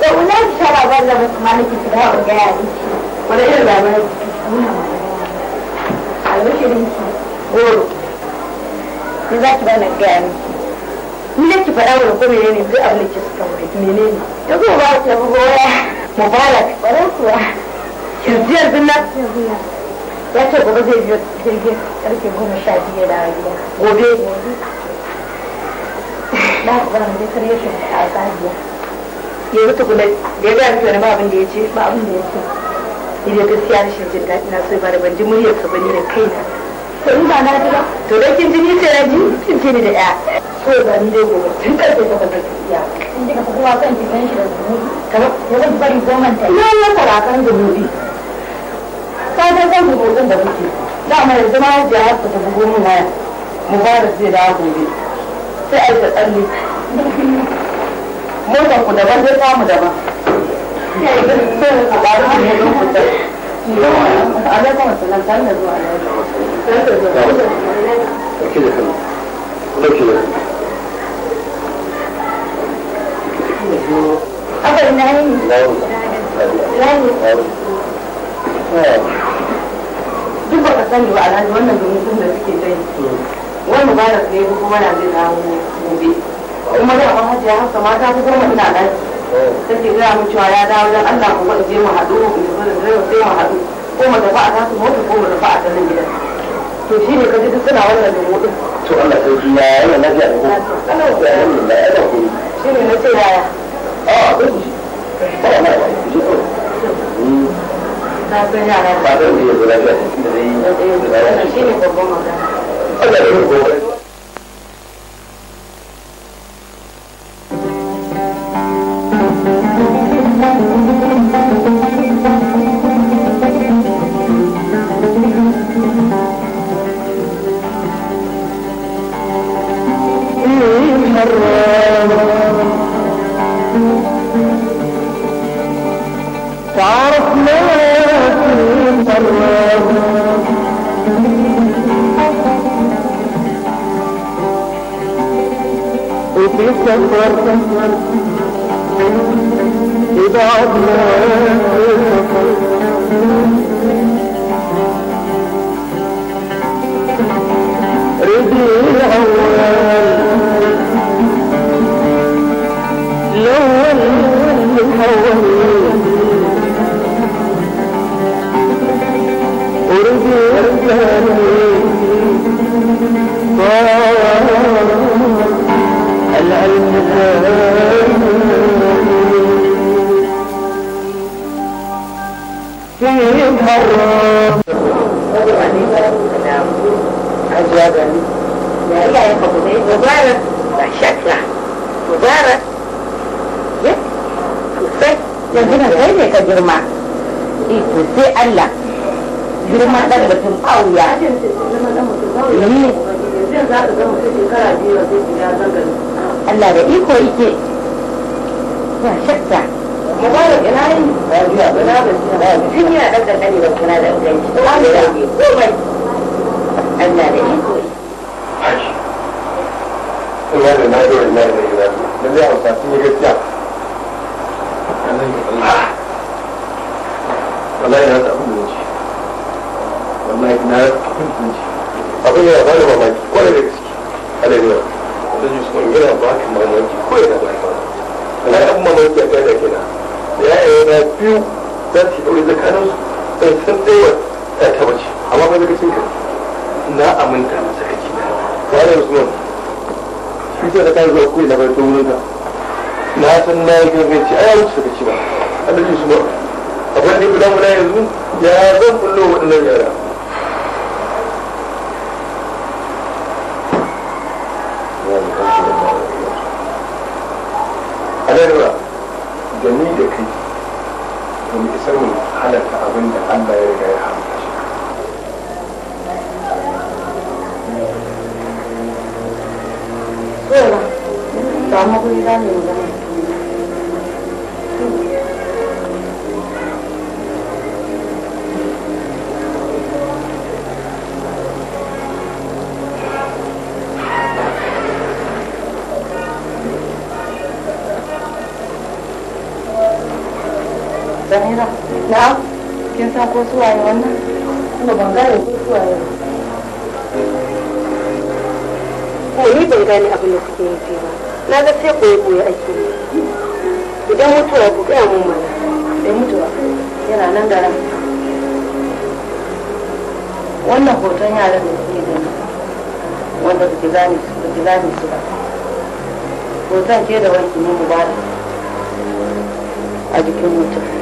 da wunan shara ban da musu maliki su da wanda ya ni ne kuwa gobe zai biyo jirgin ƙarfe goma sha biyu gobe wallahi ya a yanzu tukuna da ya gaya ba abin da ya ce ba abin da ya ce ni da gaskiya rashin jin daɗi na so ba da ban ji muryar ka bane da kaina to in ba na ji ba to dai kin ji ni ce na ji kin ce ni da ɗaya so ba ni dai gobe tun ta bazar tafiya in ji ka kuma san ki gan shi da zunubi kamar ya bari goman ta na yi masa rakan zunubi ta san san zunubin da muke da zama yanzu ma ya ta bugo mun waya mubarak zai dawo gobe sai a yi da tsalle motar ku daban zai samu daban Duk ba ka sani ba alhaji wannan domin sun da suke dai. wani mubarak ne ko kuma na zai mu gobe In ma da ban hajiya hafsa mata ko goma ina daji take gaya min cewa ya dawo don Allah ko in je mu haɗu in tafi da zai sai mu haɗu ko mu tafi a tasu mota ko mu tafi a tsanin gidan to shi ne ka ji duk suna wannan rubutu to Allah sai ji ya yana lafiya ko Allah ya alhamdulillah ya dauke shi ne na ce yaya a ba shi ba na ba shi ko na san yara ba zan yi lafiya da shi ne babban magana Allah ya جاز كله إلا جاز ko zuwa ya wannan zuwa ya na ga sai koyi koyi ake yi idan mutuwa ku gaya mun da mutuwa yana nan wannan hoton yaran da gani wanda ba ki gane su ba hoton ke da wanki ne mubarak a jikin mutum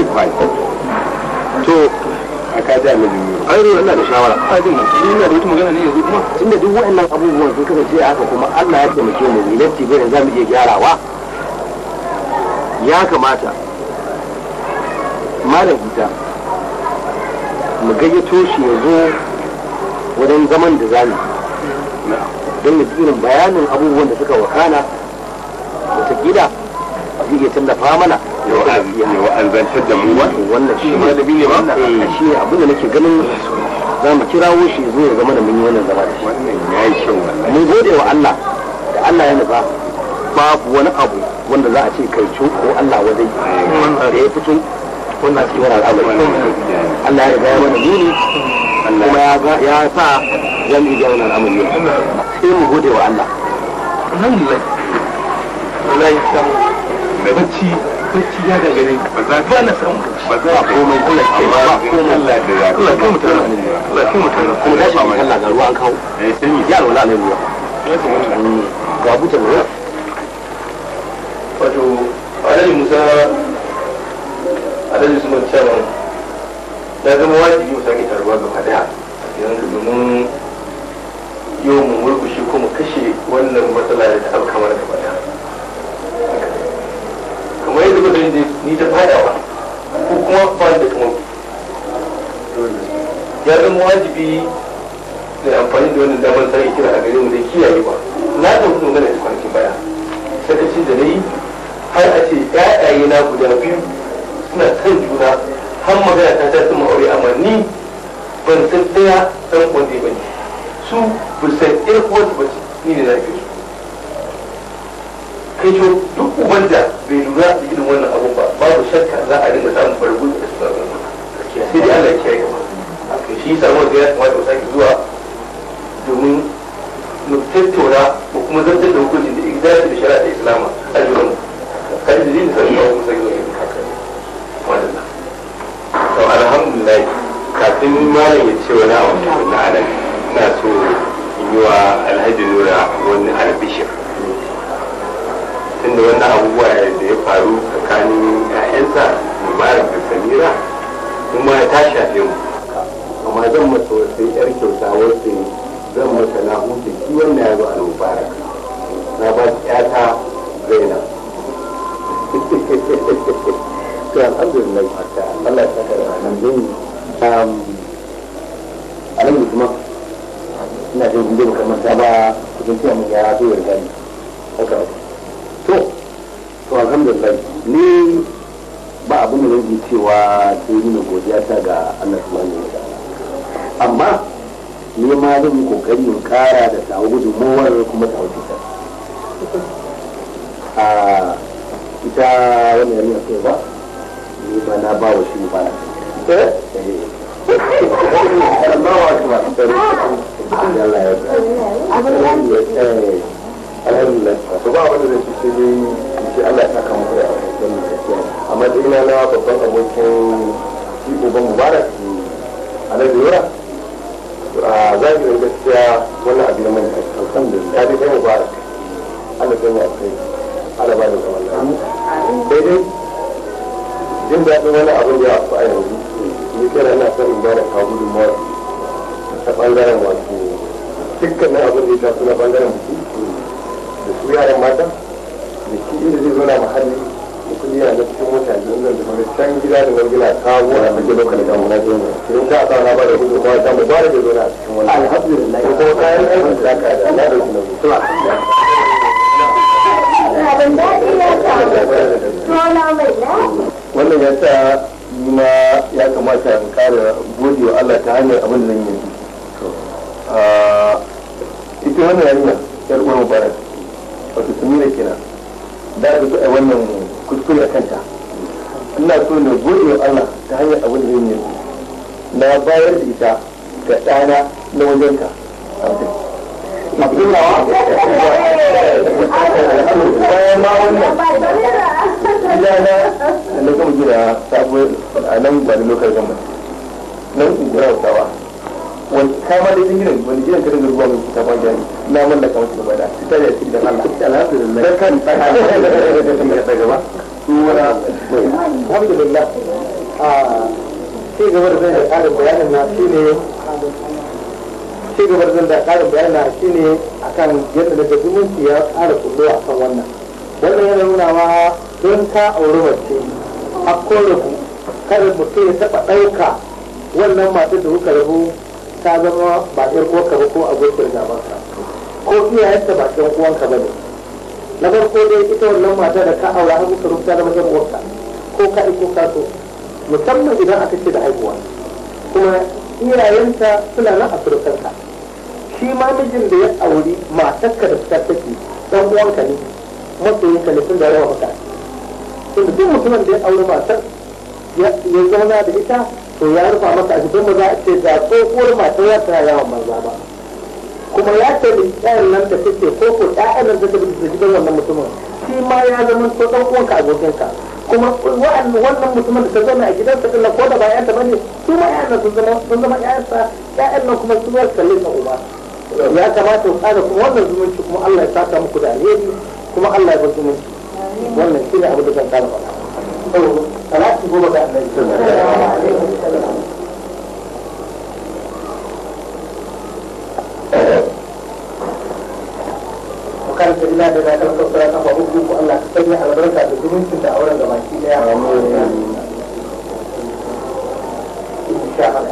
very fine to a kaji a mijin yi ai ruwa ina da shawara ajin nan shi ina da wata magana ne yanzu kuma tunda duk waɗannan abubuwan sun kasance haka kuma Allah ya taimake mu ne lati bai za mu iya gyarawa ya kamata malam ita mu gayyato shi ya zo wajen zaman da zamu don mu irin bayanin abubuwan da suka wakana wata gida zai tallafa mana ya wa'azantar da mu wannan shi da ne eh. ba shi ne abin da nake ganin za mu kirawo shi zo ya zama da mun yi wannan zama da shi mun gode wa Allah da Allah ya nufa babu wani abu wanda za a ce kai ko Allah wadai eh, da ya fito wannan cikin wani abu. Allah ya riga ya mana nuni kuma ya sa zan iya wani al'amari sai mu gode wa Allah. Alhamdulillah. Alhamdulillah. da bacci bacci ya daga ba za na samu ba za a ko da ke ba ko Allah da ya Allah kai mutum ne Allah kai mutum ne kuma dashi kan Allah ga ruwa an kawo eh sai ni yaro na ne ruwa mm. ga buta ruwa wato alhaji Musa alhaji Usman Chairman da zama wajibi musa ke taruwa gaba daya yanzu domin yau mu murkushe ko kuma kashe wannan matsala da ta auka mana yadda zuba da ni ta ba ko kuma ba da kuma ya zama wajibi da amfani da wannan damar sai kira a gare mu da kiyaye ba na da mutum gane kwanakin baya sakacin da na yi har a ce ƴaƴaye na guda biyu suna son juna har magana ta tasiri ma aure amma ni ban san ɗaya ɗan wanda ba ne su bu ɗaya ko wata ba ni ne na fi su kai duk uban da bai lura da irin wannan abun ba babu shakka za a dinga samun barbu da su zaɓa sai dai Allah ya kiyaye ma shi samu da ya kamata mu sake zuwa domin mu tattauna ko kuma zantar da hukuncin da igdaci da shari'a da islama a jiran mu kan da zai sami kawo kuma sake zuwa to alhamdulillah kafin malam ya ce wani abu na anan na so in yi wa alhaji nura wani alfishir tunda wani abubuwa da ya faru tsakanin 'ya'yansa mubarak da samira kuma ta shafe mu amma zan masa wasu yar kyauta wasu zan masa na huce shi wannan ya zo a mubarak na ba ta yata zainab (laughs) to alhamdulillah mata Allah ya saka da nan din um alamu kuma ina jin gudun kamar ta ba kudin tiyamun ya zo ya gani haka to to alhamdulillah ni ba abu ne zan cewa sai nuna godiya ta ga Allah subhanahu wa ta'ala amma ni ma zan yi kokari in kara da tawo gudunmowar kuma tawo ta a ita wani yanayi a ba ni ba na ba wa shi ba na yi eh? eh. Allah ya yi alhamdulillah to ba da zai ci dai ce Allah ya saka muku da alhamdulillah a matsayina na babban abokin shi uban mubarak alhaji yura a zahirin gaskiya wannan abin mai alhamdulillah ya dai mubarak Allah ya yi alkhairi Allah ba da zaman lafiya daidai jin daɗin wani abin da ya fi yanzu ni kira ina son in ba da kawo gudunmawar ta ɓangaren wato dukkanin abin da ya shafi na ɓangaren biki yaran mata da shi inda zai zo na muhalli da kudi yana da cikin mota da da kuma can gida da wani gina kawo a cikin lokacin da muna zo don ta a tsara ba da kudi kuma ta mu ba da zo na cikin wannan alhamdulillah ko kayan aikin da ka da na da abin ya sa mai na wannan ya ma ya kamata in kare gode wa Allah ta hanyar abin nan yanzu ah, ita wannan yanzu yar uwar mubarak wato samira kenan da zo a wannan kuskure a kanta ina so na gode wa Allah ta hanyar abin da zai yi na bayar da ita ga ɗana na wajenka bayan wannan da na gama gida sabuwar a nan gwanin lokacin gama nan in gura wa wani kama da jinin wani jinin ka dinga ruwa mai kuta ba gani na mallaka wata gaba da ta da cikin dan Allah alhamdulillah da kan da da gaba wala alhamdulillah a ah, ci gaba da zan da karin bayanin na shine ci gaba da zan da karin bayanin na shine akan yadda da zumunci ya ƙara kullu akan wannan wannan yana nuna ma don ka aure mace a korafu kada mutum ya taɓa ɗauka wannan matar da kuka rabu ta zama ba ɗan uwanka ba ko a abokiyar gabanka ko iyayenta ba ɗan uwanka ba ne na farko dai ita wannan mata da ka aura har kuka rubuta da mazan uwanka ko ka ko ka so musamman idan aka ce da haihuwa kuma iyayenta suna na a surukanka shi ma mijin da ya auri matarka da ta take ɗan uwanka ne masoyinka ne tun da yawa maka da duk mutumin da ya auri matar ya zauna da ita to ya rufa masa a cikin maza ce ko kuwar mata ya tana yawan maza ba kuma ya ce da ƴaƴan nan da take ko ko ƴaƴan nan da take da gidan wannan mutumin shi ma ya zama ko dan uwanka abokinka kuma wannan mutumin da ta zama a gidansa ɗin ko da bayan ta bane su ma ƴaƴan nan sun zama sun zama ƴaƴansa ƴaƴan nan kuma sun yarda kalle uba ya kamata ku kada kuma wannan zumunci kuma Allah ya saka muku da alheri kuma Allah ya bar zumunci wannan shi ne abin da zan kara faɗa to ga annabi kan ta ila da zakar kafara ta fa hukun ku Allah albarka da zumuncin daya